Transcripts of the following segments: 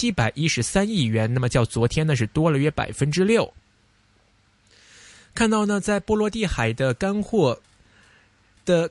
七百一十三億元，那麼較昨天呢是多了約百分之六。看到呢，在波羅的海的乾貨的。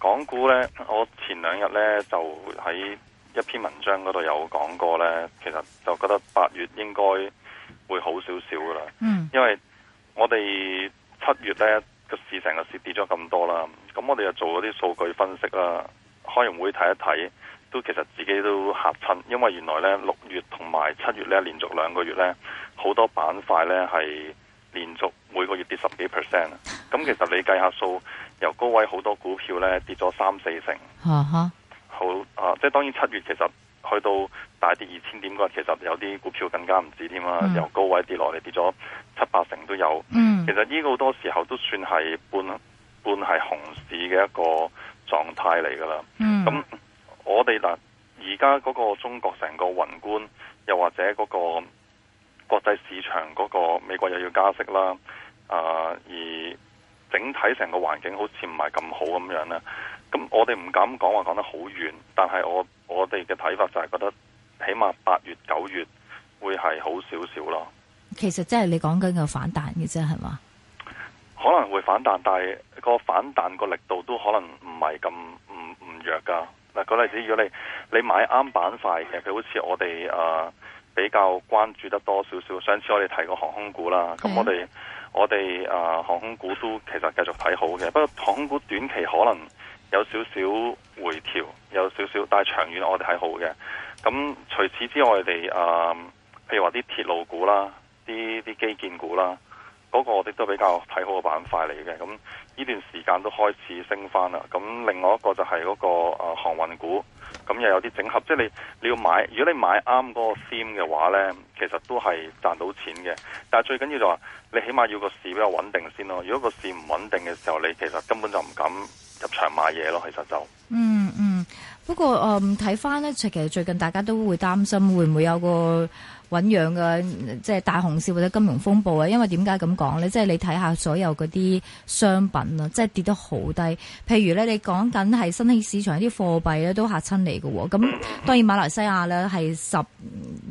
港股呢，我前兩日呢，就喺一篇文章嗰度有講過呢。其實就覺得八月應該會好少少噶啦。嗯，因為我哋七月呢個市成個市跌咗咁多啦，咁我哋又做咗啲數據分析啦，開完會睇一睇，都其實自己都嚇親，因為原來呢，六月同埋七月呢連續兩個月呢，好多板塊呢係連續每個月跌十幾 percent 啊。咁其實你計下數，由高位好多股票呢跌咗三四成。Uh-huh. 好啊、呃！即係當然七月其實去到大跌二千點嗰日，其實有啲股票更加唔止添啊！Mm. 由高位跌落嚟跌咗七八成都有。嗯、mm.，其實呢個好多時候都算係半半係熊市嘅一個狀態嚟㗎啦。咁、mm. 我哋嗱，而家嗰個中國成個宏觀，又或者嗰個國際市場嗰個美國又要加息啦。啊、呃，而整體成個環境好似唔係咁好咁樣咧，咁我哋唔敢講話講得好遠，但係我我哋嘅睇法就係覺得，起碼八月九月會係好少少咯。其實即係你講緊個反彈嘅啫，係嘛？可能會反彈，但係個反彈個力度都可能唔係咁唔唔弱噶。嗱，舉例子，如果你你買啱板塊嘅，佢好似我哋誒、呃、比較關注得多少少。上次我哋提過航空股啦，咁、啊、我哋。我哋啊航空股都其實繼續睇好嘅，不過航空股短期可能有少少回調，有少少，但係長遠我哋睇好嘅。咁除此之外，哋啊，譬如話啲鐵路股啦，啲啲基建股啦。嗰個我哋都比較睇好嘅板塊嚟嘅，咁呢段時間都開始升翻啦。咁另外一個就係嗰個誒航運股，咁又有啲整合，即係你你要買，如果你買啱嗰個 theme 嘅話呢，其實都係賺到錢嘅。但係最緊要就話你起碼要個市比較穩定先咯。如果個市唔穩定嘅時候，你其實根本就唔敢入場買嘢咯。其實就嗯嗯，不過誒睇翻呢，其實最近大家都會擔心會唔會有個。醞釀嘅，即係大熊市或者金融風暴啊！因為點解咁講呢？即係你睇下所有嗰啲商品啦，即係跌得好低。譬如呢，你講緊係新興市場啲貨幣咧，都嚇親你㗎喎。咁當然馬來西亞呢係十，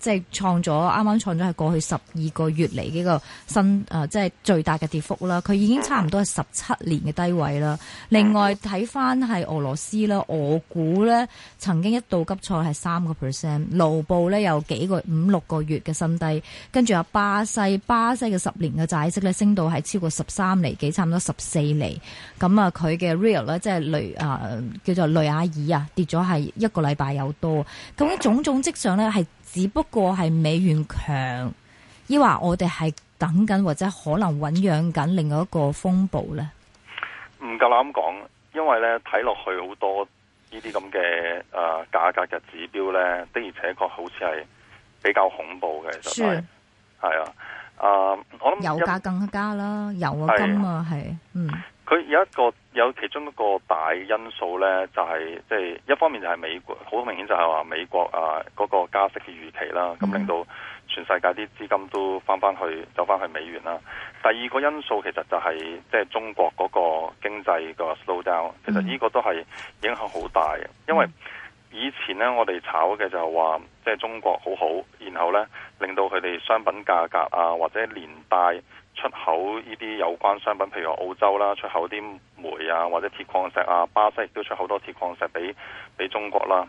即係創咗啱啱創咗係過去十二個月嚟呢個新啊，即係最大嘅跌幅啦。佢已經差唔多係十七年嘅低位啦。另外睇翻係俄羅斯啦，我估呢曾經一度急挫係三個 percent，盧布呢有幾個五六個。月嘅新低，跟住阿巴西，巴西嘅十年嘅債息咧升到係超過十三厘幾，差唔多十四厘。咁啊，佢嘅 real 咧，即係雷啊，叫做雷亞爾啊，跌咗係一個禮拜有多。咁呢種種跡象咧，係只不過係美元強，抑或我哋係等緊或者可能醞釀緊另外一個風暴咧？唔夠膽講，因為咧睇落去好多呢啲咁嘅誒價格嘅指標咧，的而且確好似係。比較恐怖嘅，其實係，係啊，啊，我諗油價更加啦，油啊金啊，係、啊啊，嗯，佢有一個有其中一個大因素咧，就係即係一方面就係美國，好明顯就係話美國啊嗰、那個加息嘅預期啦，咁、嗯、令到全世界啲資金都翻翻去走翻去美元啦。第二個因素其實就係即係中國嗰個經濟個 slow down，其實呢個都係影響好大嘅，嗯、因為。以前呢，我哋炒嘅就話，即係中國好好，然後呢，令到佢哋商品價格啊，或者連帶出口呢啲有關商品，譬如話澳洲啦，出口啲煤啊，或者鐵礦石啊，巴西亦都出好多鐵礦石俾俾中國啦。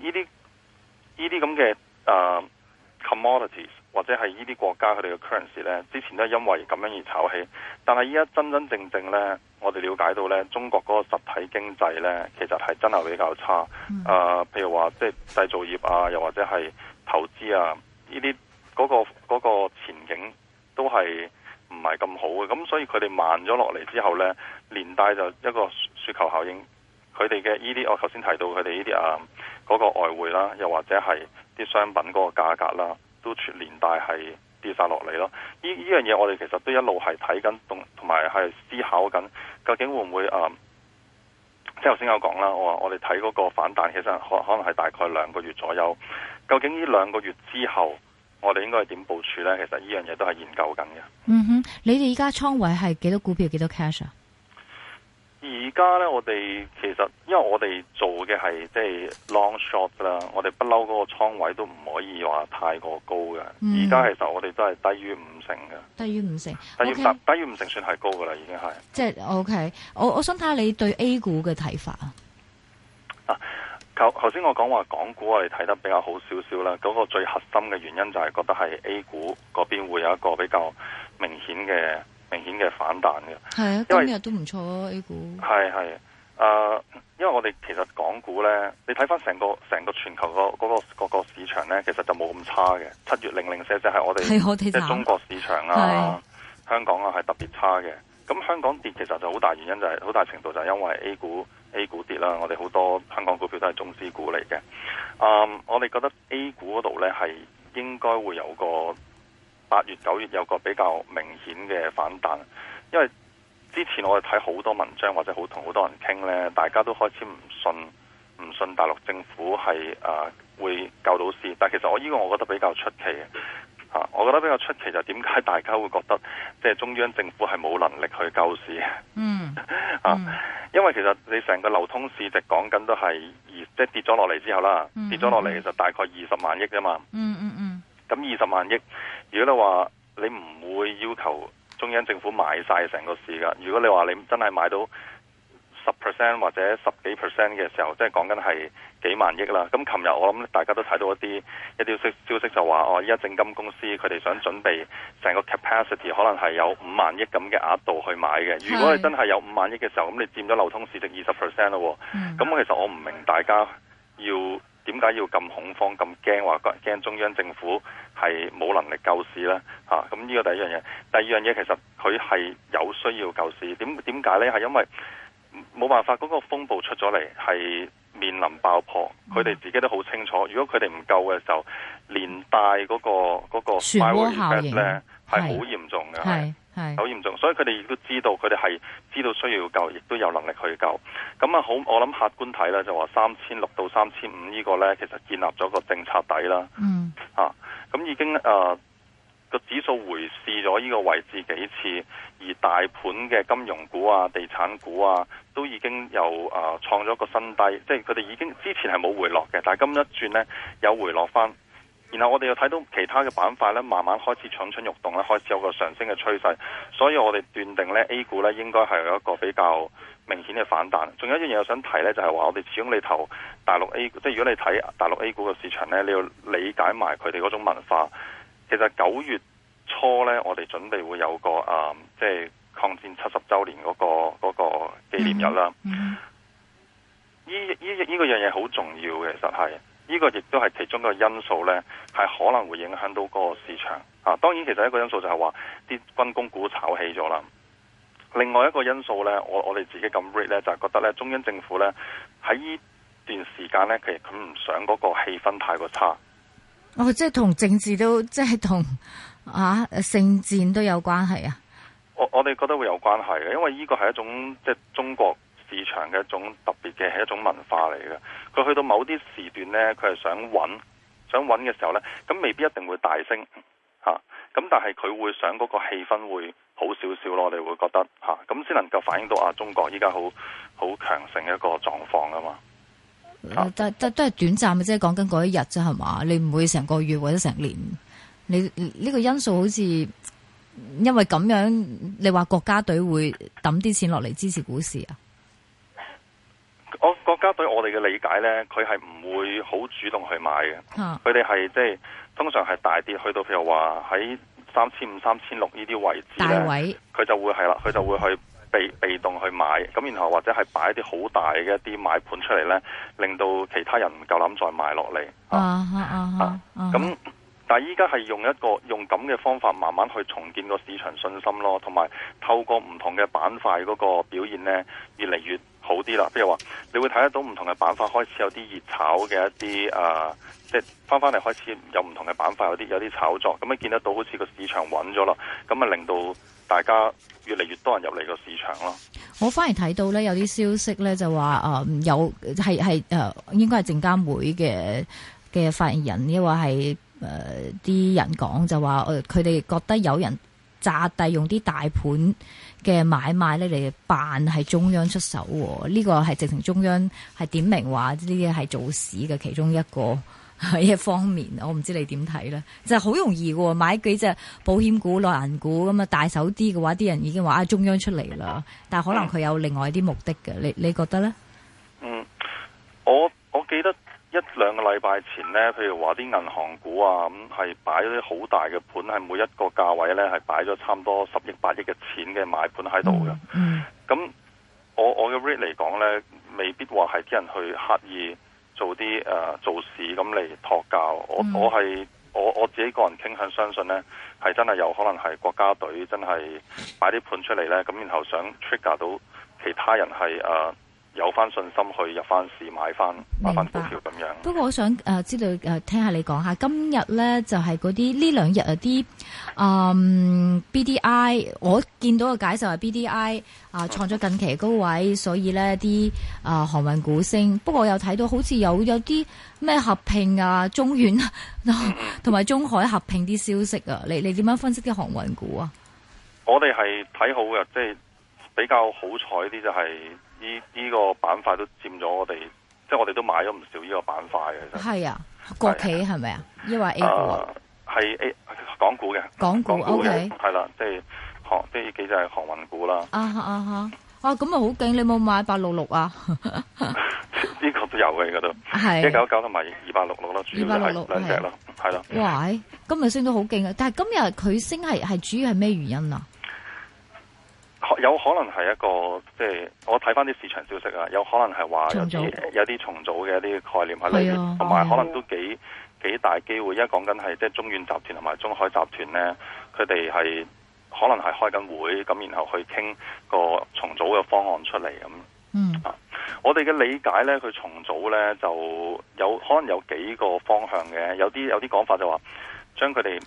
呢啲呢啲咁嘅啊 commodities。或者係呢啲國家佢哋嘅 currency 咧，之前都係因為咁樣而炒起，但係依家真真正正呢，我哋了解到呢，中國嗰個實體經濟咧，其實係真係比較差。誒、嗯，譬、呃、如話即係製造業啊，又或者係投資啊，呢啲嗰個前景都係唔係咁好嘅。咁所以佢哋慢咗落嚟之後呢，連帶就一個雪球效應，佢哋嘅呢啲我頭先提到佢哋呢啲啊，嗰、嗰個外匯啦，又或者係啲商品嗰個價格啦。都全年帶係跌晒落嚟咯，呢依樣嘢我哋其實都一路係睇緊，同同埋係思考緊，究竟會唔會誒？即係頭先有講啦，我話我哋睇嗰個反彈，其實可可能係大概兩個月左右。究竟呢兩個月之後，我哋應該係點部署呢？其實呢樣嘢都係研究緊嘅。嗯哼，你哋而家倉位係幾多股票，幾多 cash？而家咧，我哋其實，因為我哋做嘅係即係 long short 啦，我哋不嬲嗰個倉位都唔可以話太過高嘅。而、嗯、家其實，我哋都係低於五成嘅。低於五成，低於五成，、okay、低於五成算係高噶啦，已經係。即係 OK，我我想睇下你對 A 股嘅睇法啊。頭頭先我講話港股我哋睇得比較好少少啦，嗰、那個最核心嘅原因就係覺得係 A 股嗰邊會有一個比較明顯嘅。明顯嘅反彈嘅，係啊，今日都唔錯 A 股。系系，啊、呃，因為我哋其實港股咧，你睇返成個成個全球，嗰個嗰，嗰個市場咧，其實就冇咁差嘅。七月零零零舍係我哋，係我哋即，即係，中國市場啊，啊香港啊，係特別差嘅。咁香港跌其實就好大原因就係，係，好大程度就因為 A 股 A 股跌啦。我哋好多香港股票都係中資股嚟嘅。嗯、呃，我哋覺得 A 股嗰度咧係應該會有個。八月九月有個比較明顯嘅反彈，因為之前我哋睇好多文章或者好同好多人傾呢，大家都開始唔信唔信大陸政府係誒、呃、會救到市，但係其實我呢個我覺得比較出奇、啊、我覺得比較出奇就係點解大家會覺得即係、就是、中央政府係冇能力去救市？嗯啊嗯，因為其實你成個流通市值講緊都係二，即、就、係、是、跌咗落嚟之後啦，跌咗落嚟就大概二十萬億吖嘛。嗯嗯。咁二十萬億，如果你話你唔會要求中央政府買晒成個市㗎。如果你話你真係買到十 percent 或者十幾 percent 嘅時候，即係講緊係幾萬億啦。咁琴日我諗大家都睇到一啲一啲消消息就，就話哦，依家證金公司佢哋想準備成個 capacity 可能係有五萬億咁嘅額度去買嘅。如果係真係有五萬億嘅時候，咁你佔咗流通市值二十 percent 咯。咁、嗯、其實我唔明大家要。點解要咁恐慌、咁驚話驚中央政府係冇能力救市咧？嚇、啊！咁呢個第一樣嘢，第二樣嘢其實佢係有需要救市。點點解呢？係因為冇辦法嗰、嗰個風暴出咗嚟，係面臨爆破，佢、嗯、哋自己都好清楚。如果佢哋唔救嘅時候，連帶嗰、嗰個嗰、嗰個船殼效應係好嚴重嘅。好嚴重，所以佢哋亦都知道，佢哋係知道需要救，亦都有能力去救。咁啊，好，我諗客觀睇咧，就話三千六到三千五呢個咧，其實建立咗個政策底啦。嗯。咁、啊、已經誒個、呃、指數回試咗呢個位置幾次，而大盤嘅金融股啊、地產股啊，都已經又誒、呃、創咗個新低，即係佢哋已經之前係冇回落嘅，但係今一轉咧有回落翻。然後我哋又睇到其他嘅板塊咧，慢慢開始蠢蠢欲動咧，開始有個上升嘅趨勢，所以我哋斷定咧 A 股咧應該係有一個比較明顯嘅反彈。仲有一樣嘢我想提咧，就係話我哋始終你投大陸 A 股，即係如果你睇大陸 A 股嘅市場咧，你要理解埋佢哋嗰種文化。其實九月初咧，我哋準備會有個啊，即係抗戰七十周年嗰個嗰個紀念日啦。呢呢呢個樣嘢好重要嘅，其實係。呢、這個亦都係其中一個因素呢，係可能會影響到嗰個市場啊。當然，其實一個因素就係話啲軍工股炒起咗啦。另外一個因素呢，我我哋自己咁 read 呢，就係、是、覺得呢中央政府呢喺呢段時間呢，其實佢唔想嗰個氣氛太過差。哦，即係同政治都，即係同啊，聖戰都有關係啊。我我哋覺得會有關係嘅，因為呢個係一種即係中國。市場嘅一種特別嘅係一種文化嚟嘅。佢去到某啲時段呢，佢係想揾想揾嘅時候呢，咁未必一定會大升吓。咁、啊、但係佢會想嗰個氣氛會好少少咯。你會覺得吓咁，先、啊、能夠反映到啊中國依家好好強盛嘅一個狀況啊嘛。但但都係短暫嘅啫，講緊嗰一日啫，係嘛？你唔會成個月或者成年。你呢、這個因素好似因為咁樣，你話國家隊會抌啲錢落嚟支持股市啊？我國家對我哋嘅理解呢，佢係唔會好主動去買嘅。佢哋係即係通常係大跌去到，譬如話喺三千五、三千六呢啲位置呢，佢就會係啦，佢就會去被被動去買。咁然後或者係擺一啲好大嘅一啲買盤出嚟呢，令到其他人唔夠諗再買落嚟。咁、啊啊啊啊啊、但係依家係用一個用咁嘅方法，慢慢去重建個市場信心咯，同埋透過唔同嘅板塊嗰個表現呢，越嚟越好啲啦，譬如話你會睇得到唔同嘅板塊開始有啲熱炒嘅一啲啊，即係翻翻嚟開始有唔同嘅板塊有啲有啲炒作，咁你見得到好似個市場穩咗啦，咁啊令到大家越嚟越多人入嚟個市場咯。我反而睇到咧有啲消息咧就話啊、呃、有係係誒，應該係證監會嘅嘅發言人，亦或係誒啲人講就話誒，佢、呃、哋覺得有人詐帝用啲大盤。嘅買賣咧，你辦係中央出手，呢、這個係直情中央係點名話呢啲係做市嘅其中一個一方面，我唔知你點睇咧，就係、是、好容易嘅買幾隻保險股、內銀股咁啊，大手啲嘅話，啲人已經話啊中央出嚟啦，但係可能佢有另外啲目的嘅、嗯，你你覺得咧？嗯，我我記得。一兩個禮拜前呢，譬如話啲銀行股啊，咁係擺啲好大嘅盤，係每一個價位呢，係擺咗差唔多十億、八億嘅錢嘅買盤喺度嘅。咁我我嘅 read 嚟講呢，未必話係啲人去刻意做啲誒、呃、做市咁嚟托教。我我係我我自己個人傾向相信呢，係真係有可能係國家隊真係擺啲盤出嚟呢，咁然後想 trigger 到其他人係誒。呃有翻信心去入翻市買翻，買翻股票咁樣。不過我想知道誒，聽下你講下今日咧，就係嗰啲呢兩日嗰啲誒 BDI，我見到嘅解釋係 BDI 啊創咗近期高位，所以咧啲誒航運股升。不過我又睇到好似有有啲咩合併啊，中遠啊，同埋中海合併啲消息啊。你你點樣分析啲航運股啊？我哋係睇好嘅，即係比較好彩啲就係。呢、這、呢個板塊都佔咗我哋，即係我哋都買咗唔少呢個板塊嘅。其實，係啊，國企係咪啊？抑或 A 股啊？係 A 股的港股嘅港股，OK。係啦，即係航，呢幾隻係航運股啦。Uh-huh, uh-huh. 啊啊哈、 就是啊，哇，咁啊好勁！你有冇買八六六啊？呢個都有嘅，嗰度一九九同埋二百六六咯，主要係兩隻咯，係咯。哇，今日升到好勁啊！但係今日佢升係係主要係咩原因啊？有可能係一個即係我睇翻啲市場消息啊，有可能係話有啲有啲重組嘅一啲概念喺裡面，同埋、啊、可能都幾、啊、幾大機會。而家講緊係即係中遠集團同埋中海集團咧，佢哋係可能係開緊會，咁然後去傾個重組嘅方案出嚟咁。嗯，啊，我哋嘅理解咧，佢重組咧就有可能有幾個方向嘅，有啲有啲講法就話將佢哋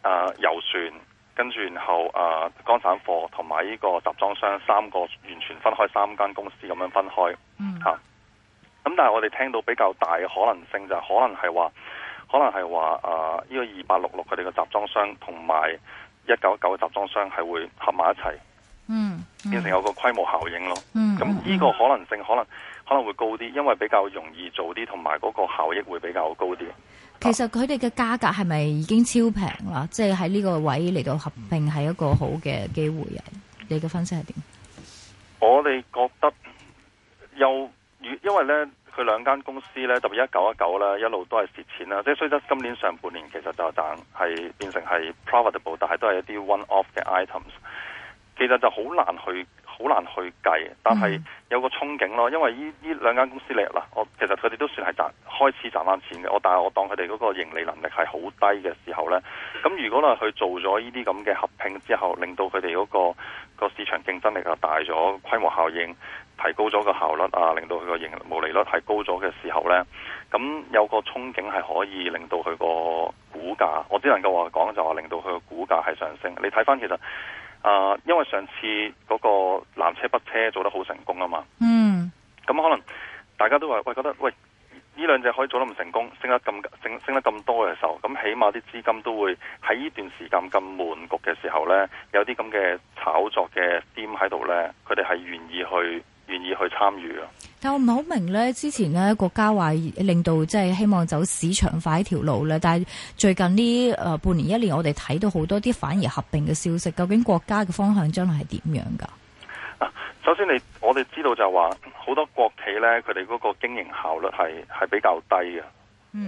啊游船。跟住然後啊，乾、呃、散貨同埋呢個集裝箱三個完全分開，三間公司咁樣分開。嗯。吓、啊，咁但係我哋聽到比較大嘅可能性就係可能係話，可能係話啊，呢、呃這個二八六六佢哋嘅集裝箱同埋一九一九嘅集裝箱係會合埋一齊。嗯。變、嗯、成有個規模效應咯。嗯。咁呢個可能性可能、嗯、可能會高啲，因為比較容易做啲，同埋嗰個效益會比較高啲。其實佢哋嘅價格係咪已經超平啦？即係喺呢個位嚟到合併係一個好嘅機會啊！你嘅分析係點？我哋覺得又，因為呢佢兩間公司呢，特別一九一九呢一路都係蝕錢啦，即係雖則今年上半年其實就等係變成係 profitable，但係都係一啲 one-off 嘅 items，其實就好難去。好難去計，但係有個憧憬咯，因為呢呢兩間公司咧嗱，我其實佢哋都算係賺開始賺翻錢嘅，我但係我當佢哋嗰個盈利能力係好低嘅時候呢，咁如果佢做咗呢啲咁嘅合併之後，令到佢哋嗰個個市場競爭力就大咗，規模效應提高咗個效率啊，令到佢個盈毛利率係高咗嘅時候呢，咁有個憧憬係可以令到佢個股價，我只能夠話講就話、是、令到佢個股價係上升。你睇翻其實。啊、uh，因為上次嗰個南車北車做得好成功啊嘛，嗯，咁可能大家都話，喂，覺得喂，呢兩隻可以做得唔成功，升得咁升升得咁多嘅時候，咁起碼啲資金都會喺呢段時間咁悶局嘅時候呢，有啲咁嘅炒作嘅點喺度呢，佢哋係願意去。願意去參與咯，但我唔係好明咧，之前咧國家話令到即係希望走市場化一條路咧，但係最近呢誒半年一年，我哋睇到好多啲反而合併嘅消息，究竟國家嘅方向將來係點樣噶？首先，你我哋知道就係話好多國企咧，佢哋嗰個經營效率係係比較低嘅，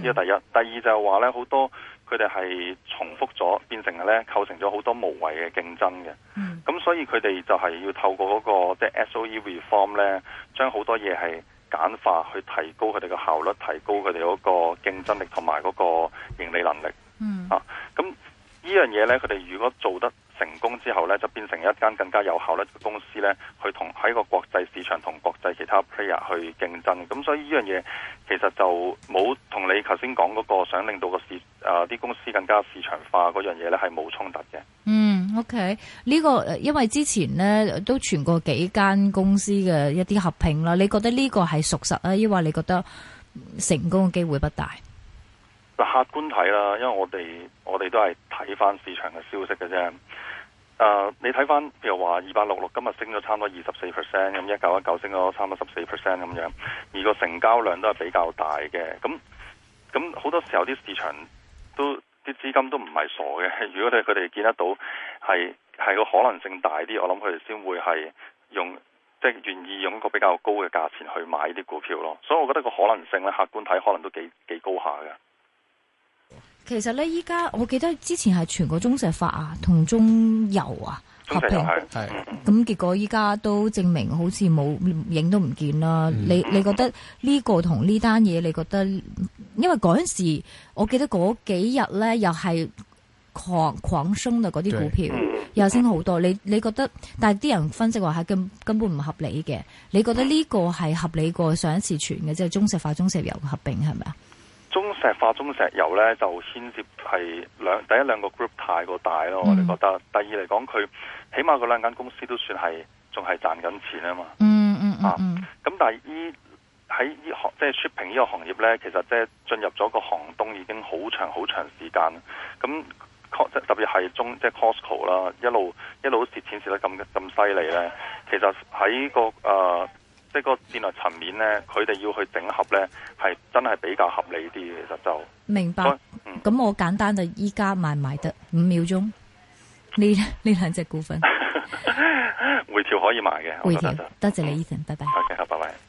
呢個第一。第二就係話咧，好多佢哋係重複咗，變成咧構成咗好多無謂嘅競爭嘅。咁所以佢哋就係要透過嗰、那個即係 S O E reform 咧，將好多嘢係簡化，去提高佢哋嘅效率，提高佢哋嗰個競爭力同埋嗰個盈利能力。嗯。啊，咁呢樣嘢咧，佢哋如果做得成功之後咧，就變成一間更加有效率嘅公司咧，去同喺個國際市場同國際其他 player 去競爭。咁所以呢樣嘢其實就冇同你頭先講嗰個想令到個市啊啲、呃、公司更加市場化嗰樣嘢咧，係冇衝突嘅。嗯。OK，呢個因為之前呢都傳過幾間公司嘅一啲合併啦，你覺得呢個係屬實啊，抑或，你覺得成功嘅機會不大？客觀睇啦，因為我哋我哋都係睇翻市場嘅消息嘅啫。誒、呃，你睇翻譬如話二八六六今日升咗差唔多二十四 percent，咁一九一九升咗差唔多十四 percent 咁樣，而個成交量都係比較大嘅。咁咁好多時候啲市場都。啲資金都唔係傻嘅，如果你佢哋見得到係係個可能性大啲，我諗佢哋先會係用即係、就是、願意用一個比較高嘅價錢去買啲股票咯。所以我覺得個可能性咧，客觀睇可能都幾幾高下㗎。其實咧，依家我記得之前係全國中石化啊，同中油啊。合併係，咁、嗯、結果依家都證明好似冇影都唔見啦、嗯。你你覺得呢個同呢單嘢你覺得？因為嗰陣時我記得嗰幾日咧又係狂狂鬆嘅嗰啲股票，又升好多。嗯、你你覺得？但係啲人分析話係根根本唔合理嘅。你覺得呢個係合理過上一次傳嘅即係中石化、中石油嘅合併係咪啊？中石化、中石油咧就牽涉係兩第一兩個 group 太過大咯，我、嗯、哋覺得。第二嚟講佢。起碼嗰兩間公司都算係仲係賺緊錢啊嘛，嗯嗯咁、嗯嗯啊、但係依喺依行即係、就是、shipping 呢個行業咧，其實即係進入咗個寒冬已經好長好長時間。咁特別係中即係、就是、Costco 啦，一路一路蝕錢蝕得咁咁犀利咧。其實喺、這個即係、呃這個戰略層面咧，佢哋要去整合咧，係真係比較合理啲。其實就明白，咁、嗯、我簡單就依家賣賣得五秒鐘。呢 呢兩隻股份， 回調可以買嘅。回調，多謝你 Ethan，嗯，Ethan，拜拜。ok 好，拜拜。